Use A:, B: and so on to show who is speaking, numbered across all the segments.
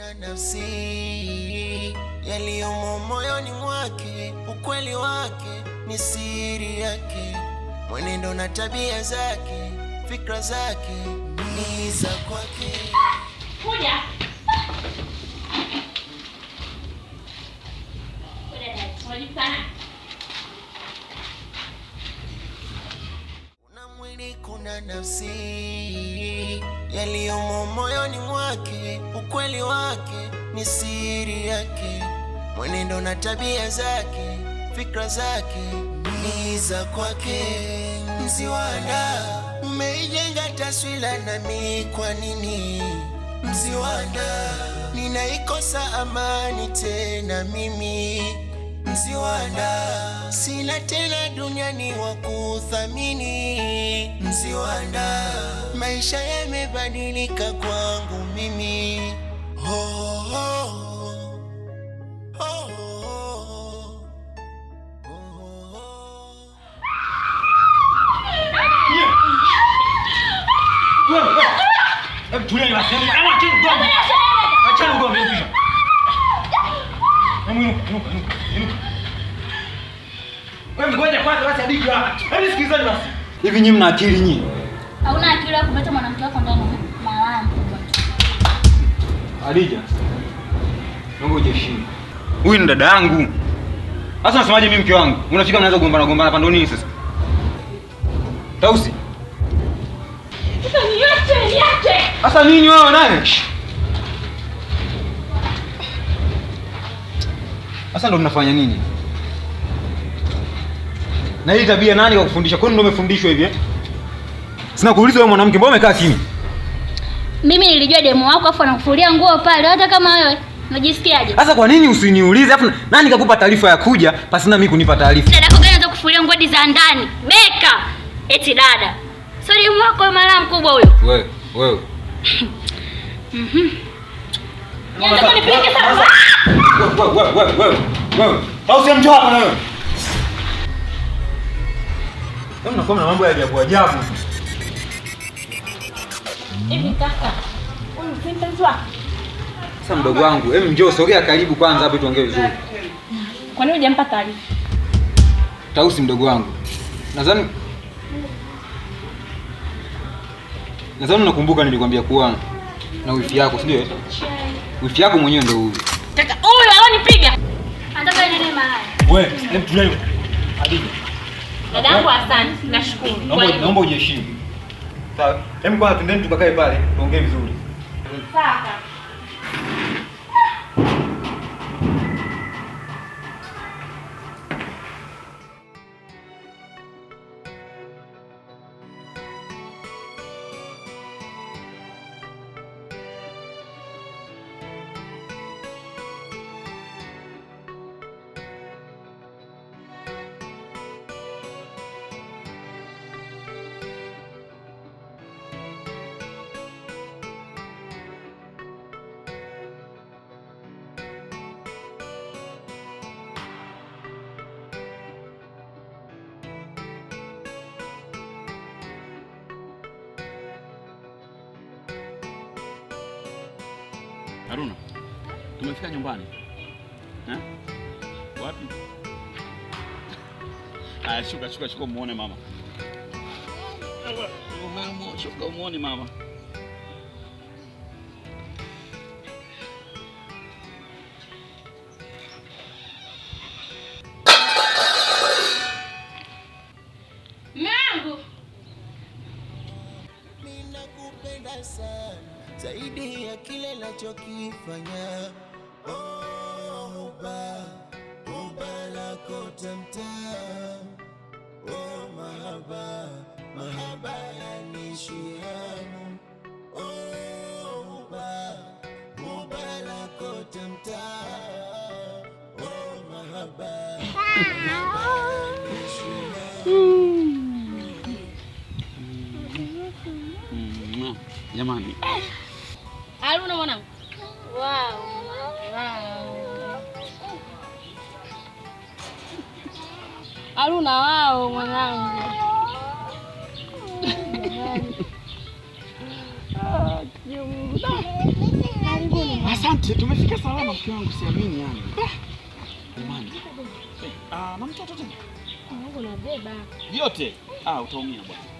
A: na nafsi, yaliyomo moyoni mwake, ukweli wake ni siri yake, mwenendo na tabia zake, fikra zake ni za kwake. Kuna mwili, kuna nafsi yaliyomo moyoni mwake, ukweli wake ni siri yake, mwenendo na tabia zake, fikra zake ni za kwake. Mziwanda umeijenga taswira nami, kwa nini Mziwanda ninaikosa amani tena mimi? Mziwanda, sina tena duniani wa kuthamini. Mziwanda, maisha yamebadilika kwangu mimi. Oh, oh, oh,
B: oh, oh, oh.
C: Hivi nyinyi mna akili nyinyi?
D: Hauna akili ya kuleta mwanamke wako ndani malaya mkubwa.
E: Alija. Mungu ujeshinde. Huyu ni dada yangu. Sasa unasemaje mimi mke wangu? Unafika mnaanza kugombana gombana hapa ndo nini sasa? Tausi.
D: Sasa niache,
E: niache. Sasa nini wewe naye? Sasa ndo mnafanya nini? Na hii tabia nani kakufundisha? Kwani ndio umefundishwa hivi eh? Sina kuuliza wewe mwanamke, mbona umekaa kimya?
D: Mimi nilijua demo wako afu anakufulia nguo pale, hata kama wewe
E: unajisikiaje? Sasa kwa nini usiniulize? Afu nani kakupa taarifa ya kuja pasina
D: mimi kunipa taarifa? Dada kwa gani anataka kufulia nguo za ndani? Beka. Eti dada. Sori demo wako mara mkubwa
E: huyo. Wewe, wewe.
D: Mhm. Mm. Yaani nipige
E: Wewe, wewe, wewe. Wewe. Au si mjua hapa na wewe. Yaani unakuwa na mambo ya ajabu ajabu.
D: Hivi kaka, huyu si mpenzi wako?
E: Sasa mdogo wangu, hebu njoo sogea karibu kwanza hapo tuongee vizuri.
D: Kwa nini hujampa taarifa?
E: Tausi mdogo wangu. Nadhani Nadhani unakumbuka nilikwambia kuwa na wifi yako, si ndio? Wifi yako mwenyewe ndio
D: huyu. Kaka, huyu anipiga. Anataka nini
E: mara? Wewe, hebu tulie.
D: Dadangu, asante,
E: nashukuru. Naomba ujiheshimu. Sawa. Hem, kwanza tuendeni tukakae pale tuongee vizuri. Sawa. Haruna, tumefika nyumbani eh? Wapi? Aya, shuka shuka shuka, muone mama, shuka umuone mama.
A: unachokifanya oh, uba uba lako tamtaa oh, mahaba mahaba yanishiamu oh, uba uba lako oh, mahaba hmm.
E: Hmm. Hmm. Jamani
D: tu na wao mwanangu.
E: Asante, tumefika salama mke wangu, siamini yani. Eh, ah, na mtoto tena. Yote. Ah, utaumia bwana.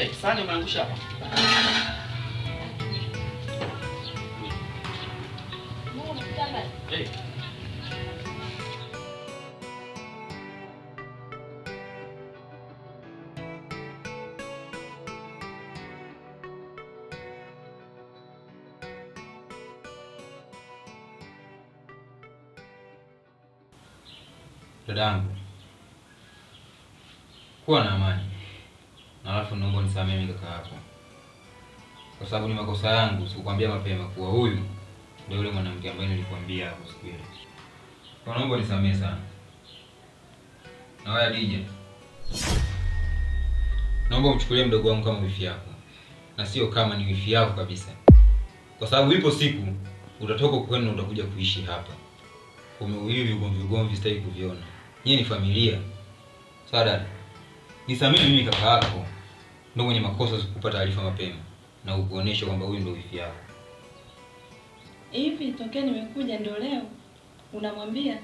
E: Hey, sani umeangusha hapa. Dadangu kuwa na sababu ni makosa yangu, sikukwambia mapema kuwa huyu ndio yule mwanamke ambaye nilikwambia hapo siku ile. Kwa naomba nisamehe sana. Na wewe DJ, naomba umchukulie mdogo wangu kama wifi yako na sio kama ni wifi yako kabisa, kwa sababu ipo siku utatoka kwenu na utakuja kuishi hapa. Hivi ugomvi ugomvi sitaki kuviona. Nyie ni familia sawa. Dada, nisamehe mimi kaka yako ndio mwenye makosa sikupata taarifa mapema na ukuonesha kwamba huyu ndio wifi yako.
D: Hivi tokea nimekuja ndio leo unamwambia?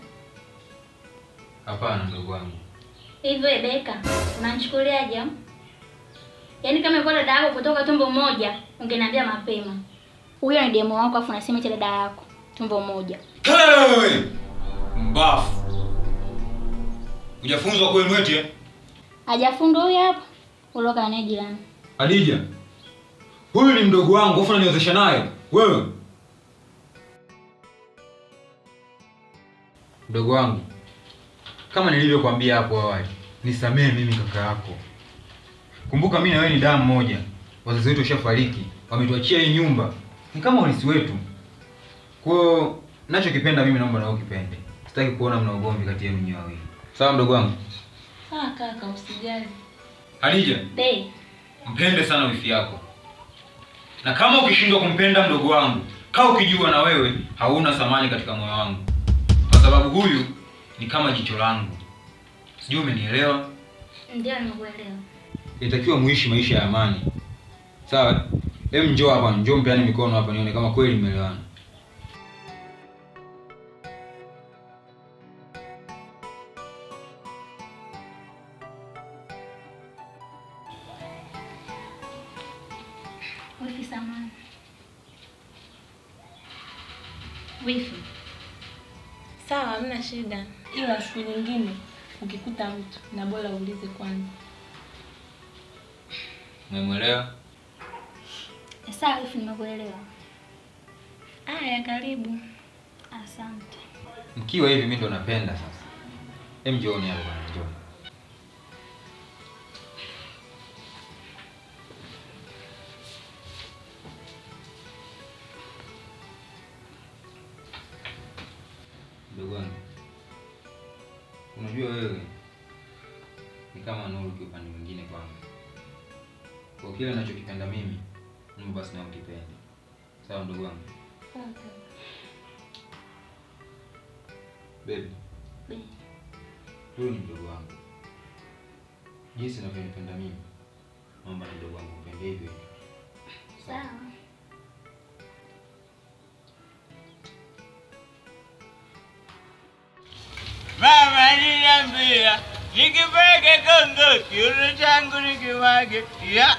E: Hapana ndugu wangu.
D: Hivyo Rebeka, unanichukuliaje? Yaani kama ilikuwa dada yako kutoka tumbo moja, ungeniambia mapema. Huyo ni demo wako afu unasema cha dada yako tumbo
E: moja. Hey! Mbafu. Hujafunzwa kweli mweti eh?
D: Hajafunzwa huyo hapa. Uloka naye jirani.
E: Adija. Huyu ni mdogo wangu, afu unaniozesha naye wewe. Mdogo wangu, kama nilivyokuambia hapo awali, nisamehe mimi kaka yako. Kumbuka mimi na wewe ni damu moja, wazazi wetu washafariki, wametuachia hii nyumba, ni kama urithi wetu. Kwa hiyo ninachokipenda mimi naomba na wewe ukipende, sitaki kuona mna ugomvi kati yenu nyinyi wawili. Sawa mdogo wangu?
D: Sawa kaka, usijali.
E: Hadija, mpende sana wifi yako. Na kama ukishindwa kumpenda mdogo wangu, kaa ukijua na wewe hauna thamani katika moyo wangu, kwa sababu huyu ni kama jicho langu. Sijui umenielewa?
D: Ndio, nimekuelewa.
E: Inatakiwa muishi maisha ya amani, sawa? Hem, njoo hapa, njoo mpeane mikono hapa nione kama kweli mmeelewana.
D: shida, ila siku nyingine ukikuta mtu na bora uulize kwanza.
E: Umemwelewa?
D: Sawa, nimekuelewa. Aya, karibu. Asante.
E: Mkiwa hivi mimi ndo napenda sasa. Hem, njooni hapo bwana, njoo. Ndugu wangu Unajua wewe ni kama nuru upande mwingine kwangu, kwa kile ninachokipenda mimi mimi basi nawe ukipende. Sawa ndugu wangu?
D: Okay. Baby. Baby.
E: Huyu ni mdogo wangu, jinsi navyonipenda mimi, naomba ndugu wangu upende hivyo.
D: Sawa.
F: Ziggy-baggy gunga, cute jango ziggy-baggy, yeah.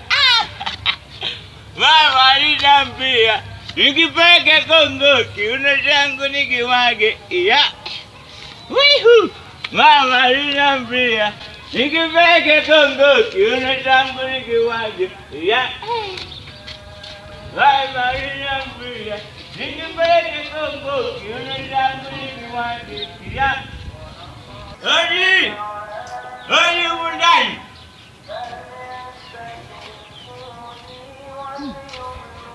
F: Why, why did I be here? Ziggy-baggy gunga, cute jango baggy yeah. Wee-hoo! Why, why You I be here? Ziggy-baggy gunga, cute baggy yeah. Why, why did I be here? Ziggy-baggy gunga, cute jango yeah. Honey! or you will die.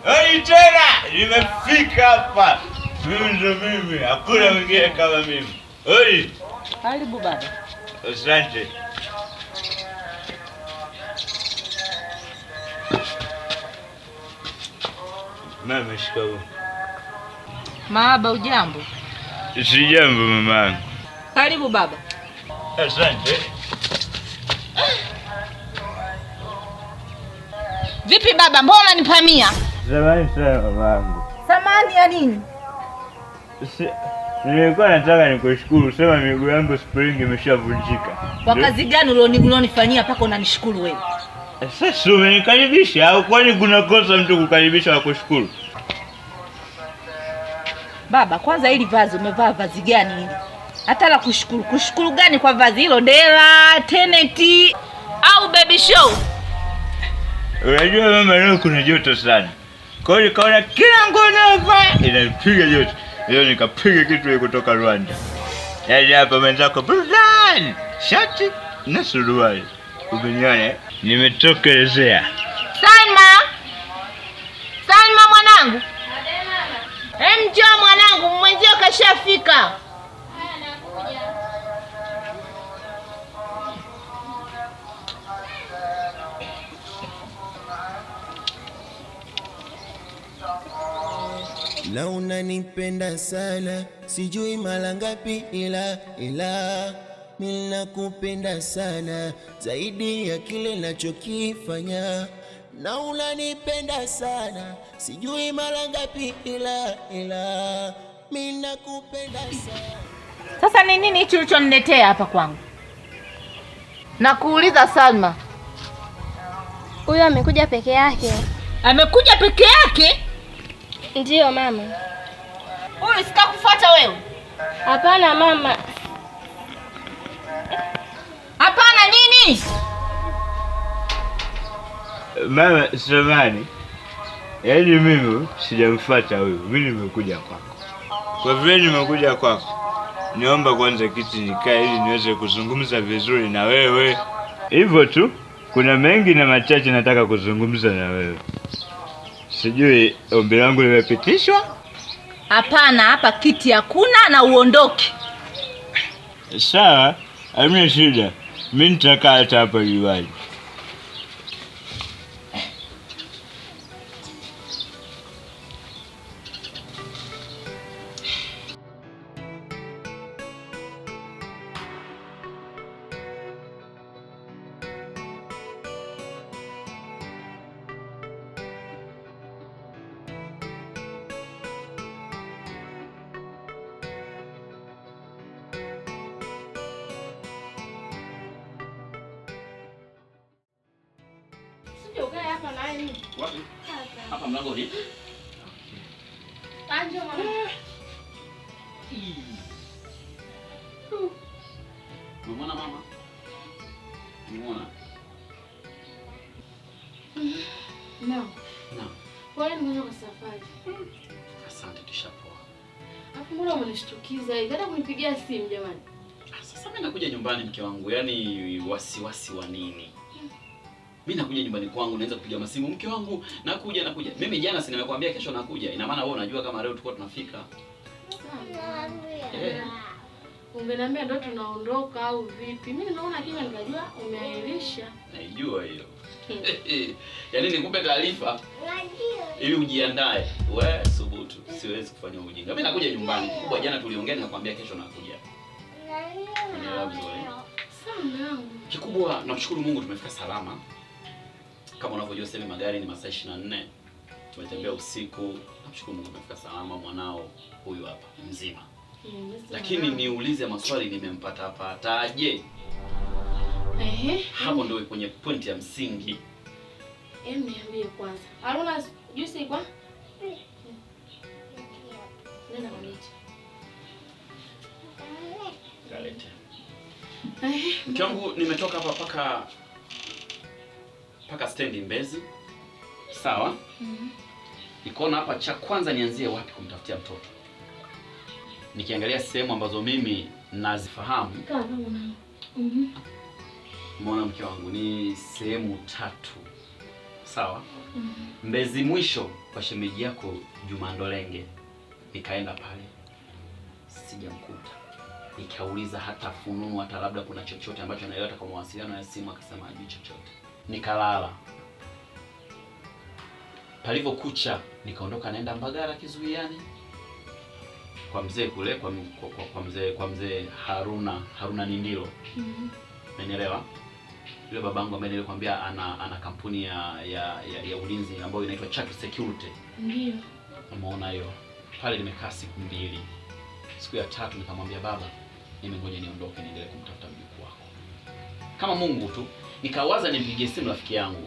F: Ai tena nimefika hapa mimi, ndo mimi, hakuna mwingine kama mimi. Oi,
D: karibu baba.
F: Asante. Mama, shikamoo.
D: Maaba, ujambo?
F: Sijambo mama.
D: Karibu baba. Asante. Vipi baba, mbona unanipamia?
G: Samahani sana
D: mamangu. Samahani ya nini?
G: Nilikuwa nataka nikushukuru, sema miguu yangu spring
D: imeshavunjika. Kwa kazi gani ulionifanyia mpaka unanishukuru
G: wewe? Sasa umenikaribisha au kwani kuna kosa mtu kukaribisha kushukuru?
D: Baba, kwanza hili vazi umevaa vazi gani hili? Hata la kushukuru, kushukuru gani kwa vazi hilo? Dela, teneti au baby show?
G: Unajua mama leo kuna joto sana, kwa hiyo nikaona kila nguo inayovaa inapiga joto. Leo nikapiga kitu kutoka Rwanda, yaani hapa mwenzako burudani, shati na suruali. Umeniona, nimetokelezea.
D: Salma, Salma mwanangu, njoo mwanangu, mwenzio kashafika.
A: ila unanipenda sana, sijui mara ngapi, ila ila mimi nakupenda sana zaidi ya kile nachokifanya, na unanipenda sana, sijui mara ngapi, ila ila mimi nakupenda
D: sana. Sasa ni nini hicho ulichoniletea hapa kwangu? Nakuuliza Salma, huyo amekuja peke yake? Amekuja peke yake? Ndiyo mama. Huyu sikakufuata wewe. Hapana mama. Hapana nini?
G: Mama Samani, yaani mimi sijamfuata huyu, mimi nimekuja kwako. Kwa vile nimekuja kwako, niomba kwanza kiti nikae ili niweze kuzungumza vizuri na wewe. Hivyo tu, kuna mengi na machache nataka kuzungumza na wewe. Sijui ombi langu limepitishwa.
D: Hapana, hapa kiti hakuna na uondoke.
G: Sawa, hamna shida, mimi nitakaa hata hapa juani.
E: Hapa mlangoni. Umeona ah, mama? Umeona? kwa Asante tushapoa.
D: Alafu mbona umenishtukiza hivi? Hata kunipigia simu
E: jamani. Ah, sasa mimi nakuja nyumbani mke wangu, yaani wasiwasi wa nini? Mimi nakuja nyumbani kwangu naweza kupiga masimu mke wangu nakuja nakuja. Mimi jana si nimekwambia kesho nakuja. Ina maana wewe unajua kama leo tulikuwa tunafika.
D: Eh. Ungeniambia ndio tunaondoka au vipi? Mimi naona kile nikajua
E: umeahirisha. Naijua hiyo. Yaani nikupe taarifa Najua. ili ujiandae. We subutu, siwezi kufanya ujinga. Mimi nakuja nyumbani. Kubwa jana tuliongea na kwambia kesho nakuja. Najua. Kikubwa namshukuru Mungu tumefika salama kama unavyojua sasa magari ni masaa 24. Tumetembea usiku, namshukuru Mungu amefika salama, mwanao huyu hapa mzima. Lakini niulize maswali, nimempata pataje? Ehe, hapo ndio kwenye pointi ya msingi.
D: Em, niambie kwanza. Haruna juice kwa? Nenda
E: kalete. Mke wangu nimetoka hapa paka mpaka stendi Mbezi, sawa? mm -hmm. Nikaona hapa cha kwanza nianzie wapi kumtafutia mtoto, nikiangalia sehemu ambazo mimi nazifahamu mm -hmm. mke wangu ni sehemu tatu, sawa? mm -hmm. Mbezi mwisho kwa shemeji yako Juma Ndolenge, nikaenda pale sijamkuta nikauliza hata fununu hata labda kuna chochote ambacho anaelewa kwa mawasiliano ya simu, akasema ajui chochote nikalala. Palivyokucha nikaondoka naenda Mbagara kizuiani kwa mzee kule kwa kwa, kwa, kwa mzee kwa mzee Haruna Haruna Nindilo. mm -hmm. Yule babangu ambaye nilikwambia ana ana kampuni ya ya, ya, ya ulinzi ambayo inaitwa Chaki Security. Ndio. Umeona hiyo? Pale nimekaa siku mbili. Siku ya tatu nikamwambia baba, mimi niondoke niendelee kumtafuta mjukuu wako. Kama Mungu tu nikawaza nimpigie simu rafiki yangu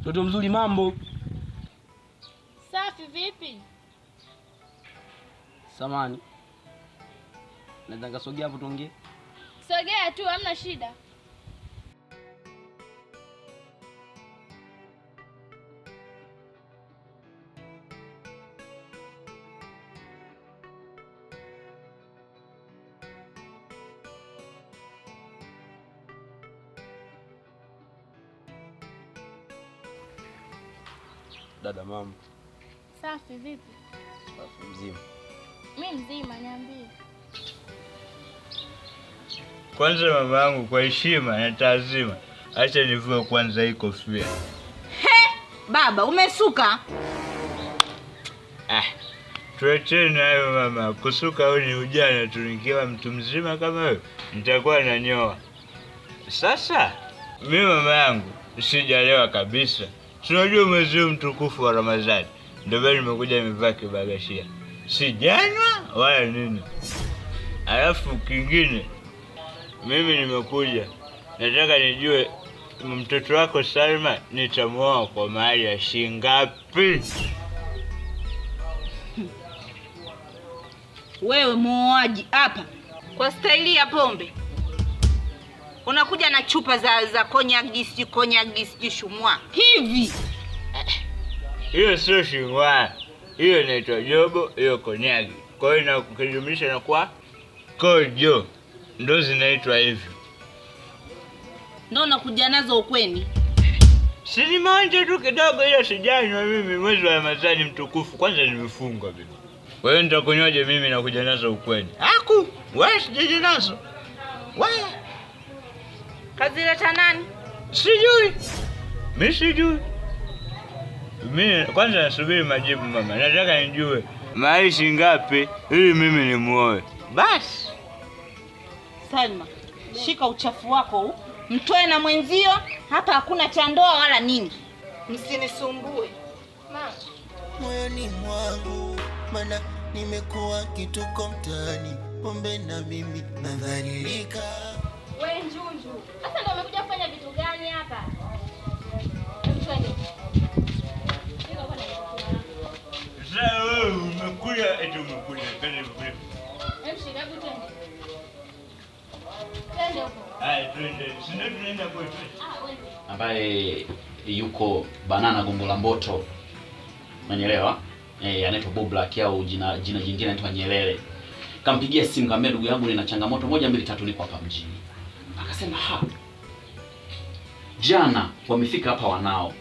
H: Mtoto mzuri, mambo
D: safi. Vipi
H: samani, naweza nikasogea hapo tuongee?
D: Sogea tu, hamna shida. mama. Safi vipi?
H: Safi mzima.
D: Mimi mzima, niambie.
G: Kwanza mama yangu, kwa heshima na taazima, acha nivue kwanza hii kofia.
D: He, baba umesuka.
G: Ah, tuacheni hayo mama, kusuka au ni ujana tu. Nikiwa mtu mzima kama wewe nitakuwa nanyoa. Sasa mimi mama yangu sijalewa kabisa. Tunajua mwezi huu mtukufu wa Ramadhani, ndio maana nimekuja nimevaa kibagashia, sijanywa wala nini. Alafu kingine, mimi nimekuja nataka nijue mtoto wako Salma nitamuoa kwa mahali ya shingapi?
D: Wewe muoaji hapa kwa staili ya pombe unakuja na chupa za za konyagi sijui konyagi sijui shumwa hivi.
G: Hiyo sio shumwa, hiyo inaitwa jogo, hiyo konyagi. Kwa hiyo na kwa kojo, ndo zinaitwa hivyo,
D: ndo nakuja nazo ukweni
G: Sinimanje tu kidogo, ila sijanywa mimi. Mwezi wa Ramadhani mtukufu, kwanza nimefunga mimi. Wewe nitakunywaje mimi na nazo ukweni? Haku wewe sijaje nazo wewe
D: Kazileta nani?
G: Sijui. Mimi sijui. Mimi kwanza nasubiri majibu mama. Nataka nijue maishi ngapi ili mimi nimuoe. Basi.
D: Salma, shika uchafu wako huu, mtoe na mwenzio. Hapa hakuna cha ndoa wala nini, msinisumbue
A: moyoni mwangu, mana nimekuwa kituko mtaani, pombe na mimi nadhalilika.
G: eti umekuja, twende huko. Ah,
E: Ambaye yuko Banana Gombo la Mboto. Unanielewa? Eh, anaitwa Bob Black au jina jina jingine anaitwa Nyelele. Kampigia simu kambe, ndugu yangu, nina changamoto moja mbili tatu, niko hapa mjini. Akasema ha. Jana wamefika hapa wanao.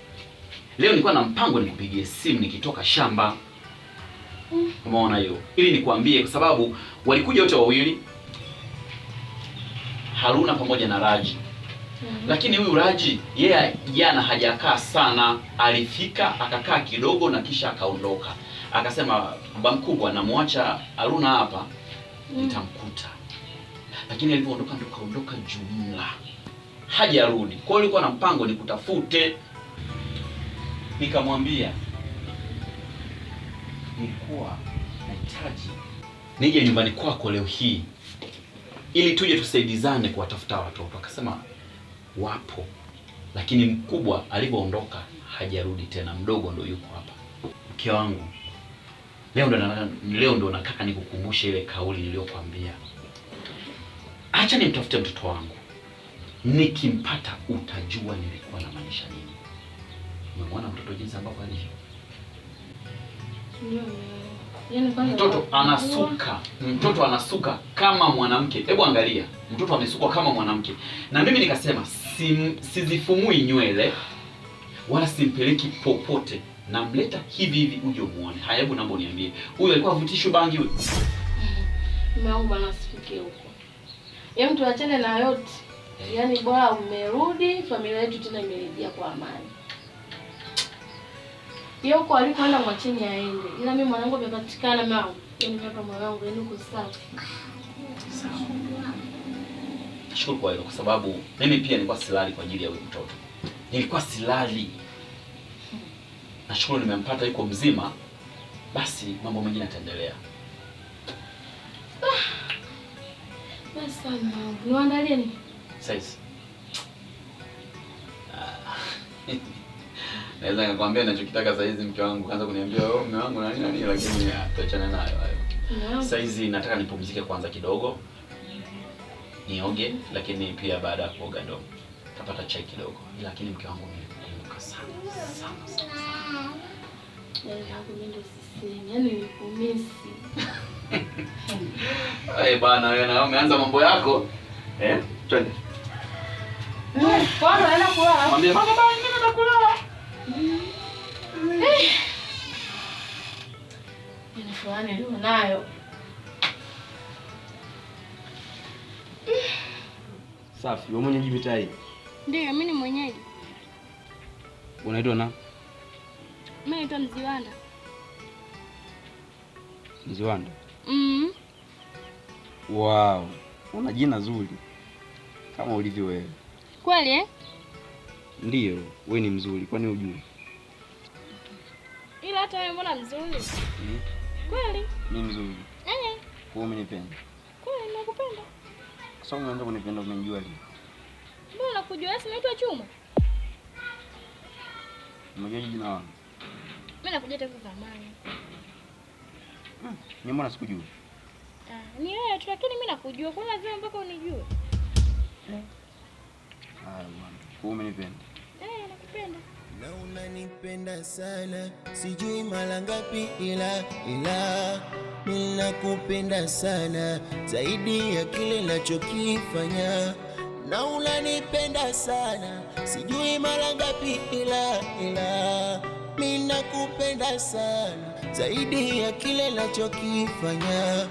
E: Leo nilikuwa na mpango nikupigie simu nikitoka shamba. Umeona hiyo? Ili nikwambie kwa sababu walikuja wote wawili Haruna pamoja na Raji. Mhm. Lakini huyu Raji yeye jana hajakaa sana, alifika akakaa kidogo na kisha akaondoka. Akasema baba mkubwa, namwacha Haruna hapa mhm. nitamkuta. Lakini alipoondoka ndo kaondoka jumla. Hajarudi. Kwa hiyo alikuwa na mpango ni kutafute Nikamwambia nilikuwa nahitaji nije nyumbani kwako leo hii ili tuje tusaidizane kuwatafuta watoto. Akasema wapo, lakini mkubwa alivyoondoka hajarudi tena, mdogo ndo yuko hapa. Mke wangu, leo ndo leo ndo nataka nikukumbushe ile kauli niliyokwambia. Acha nimtafute mtoto wangu, nikimpata utajua nilikuwa maanisha nini. Umemwona mtoto jinsi ambavyo alivyo. Mtoto anasuka, mtoto anasuka kama mwanamke. Hebu angalia, mtoto amesukwa kama mwanamke, na mimi nikasema sim, sizifumui nywele wala simpeleki popote, namleta hivi hivi uje muone. Haya, hebu naomba uniambie, huyu alikuwa avutishwe bangi? Huyu
D: mwanangu bwana, sifike huko. Hem, yaani tuachane na yote, eh. yaani bora umerudi, familia yetu tena imerejea kwa amani. Yeye huko alikoenda mwacheni aende. Ila mimi mwanangu amepatikana mama. Yaani kaka mwanangu yaani uko sawa. Sawa.
E: Nashukuru kwa hilo kwa sababu mimi pia nilikuwa silali kwa ajili ya huyu mtoto. Nilikuwa silali. Nashukuru nimempata yuko mzima. Basi mambo mengine yataendelea.
D: Ah, basi mwanangu, niwaandalie nini?
E: Sasa. Ah. naweza nikakwambia ninachokitaka saa hizi, mke wangu kaanza kuniambia wewe oh, mume wangu na nini lakini tuachane nayo hayo. Saa hizi nataka nipumzike kwanza kidogo, nioge, lakini pia baada ya kuoga ndo tapata chai kidogo, lakini mke wangu nimekumbuka sana sana sana bana yaani wewe na umeanza mambo yako eh, twende.
D: Mbona unaenda kulala? Mwambie mama, mimi naenda kulala. Yaani fulani lionayo
E: safi. Wewe mwenyeji mitai?
D: Ndio, mimi ni mwenyeji. Unaitwa nani? Mimi naitwa Mziwanda.
E: Mziwanda? mm Wow, una jina zuri kama ulivyo wewe kweli eh? Ndiyo, we ni mzuri, kwani hujui?
D: Ila hata wewe mbona mzuri? Hmm? Kweli? Ni mzuri. Eh. Kwa eh.
E: umenipenda. Kweli nakupenda. Kwa sababu umeanza kunipenda umenijua lini?
D: Mbona nakujua si naitwa Chuma?
E: Unajua jina langu?
D: Mimi nakuja tangu zamani.
E: Hmm. Ni mbona sikujua?
D: Ah, ni wewe tu lakini mimi nakujua. Kwa lazima mpaka unijue.
E: Eh. Ah, bwana. Kwa umenipenda.
D: Nakupenda
A: na unanipenda sana, sijui mara ngapi, ila ila ninakupenda sana zaidi ya kile nachokifanya, na unanipenda sana, sijui mara ngapi, ila ila ninakupenda sana zaidi ya kile nachokifanya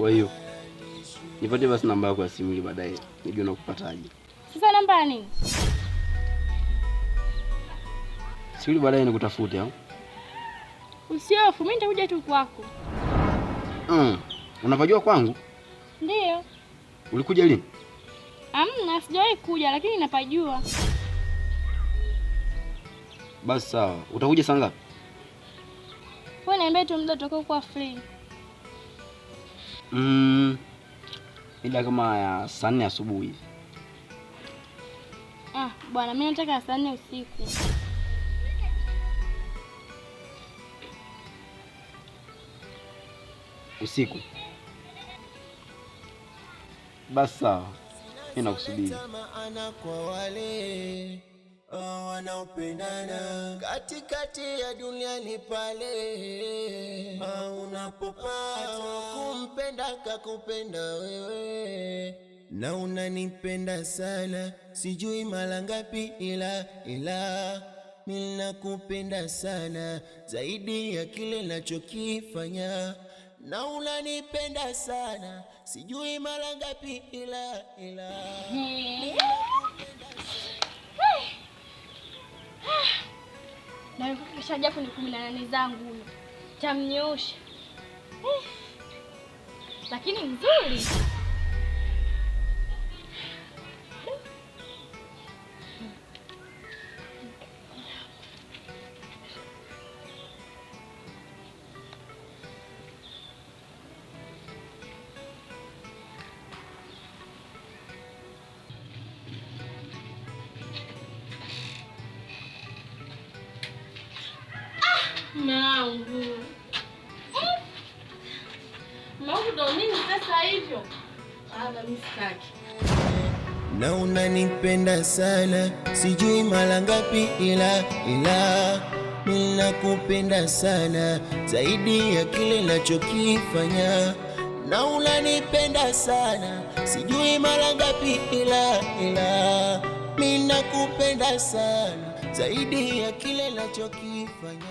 E: Kwa hiyo nipatie basi namba yako ya simu ili baadaye nijue nakupataje.
D: Sasa namba ya nini?
E: Siuli baadaye nikutafute au?
D: Usiofu, mimi nitakuja tu kwako.
E: Mm. Unapajua kwangu? ndio Ulikuja lini?
D: amna sijawahi kuja lakini napajua.
E: Basi sawa, utakuja saa ngapi?
D: Wewe niambie tu muda utakao kuwa free.
E: Mm, mida kama ya saa nne asubuhi
D: Ah, bwana mimi nataka saa nne usiku.
E: Usiku basi, sawa, mi nakusubiri.
A: Oh, wanaopendana katikati ya duniani pale oh, unapopata kumpenda kakupenda wewe na unanipenda sana, sijui mara ngapi, ila ila ninakupenda sana zaidi ya kile nachokifanya, na unanipenda sana, sijui mara ngapi, ila ila hmm.
D: Nafikisha japo ni kumi na nane zangu huyo, tamnyoosha eh. lakini mzuri Sitaki.
A: Na unanipenda sana, sijui mara ngapi, ila ila ninakupenda sana zaidi ya kile nachokifanya. Na unanipenda sana, sijui mara ngapi, ila ila ninakupenda sana zaidi ya kile nachokifanya.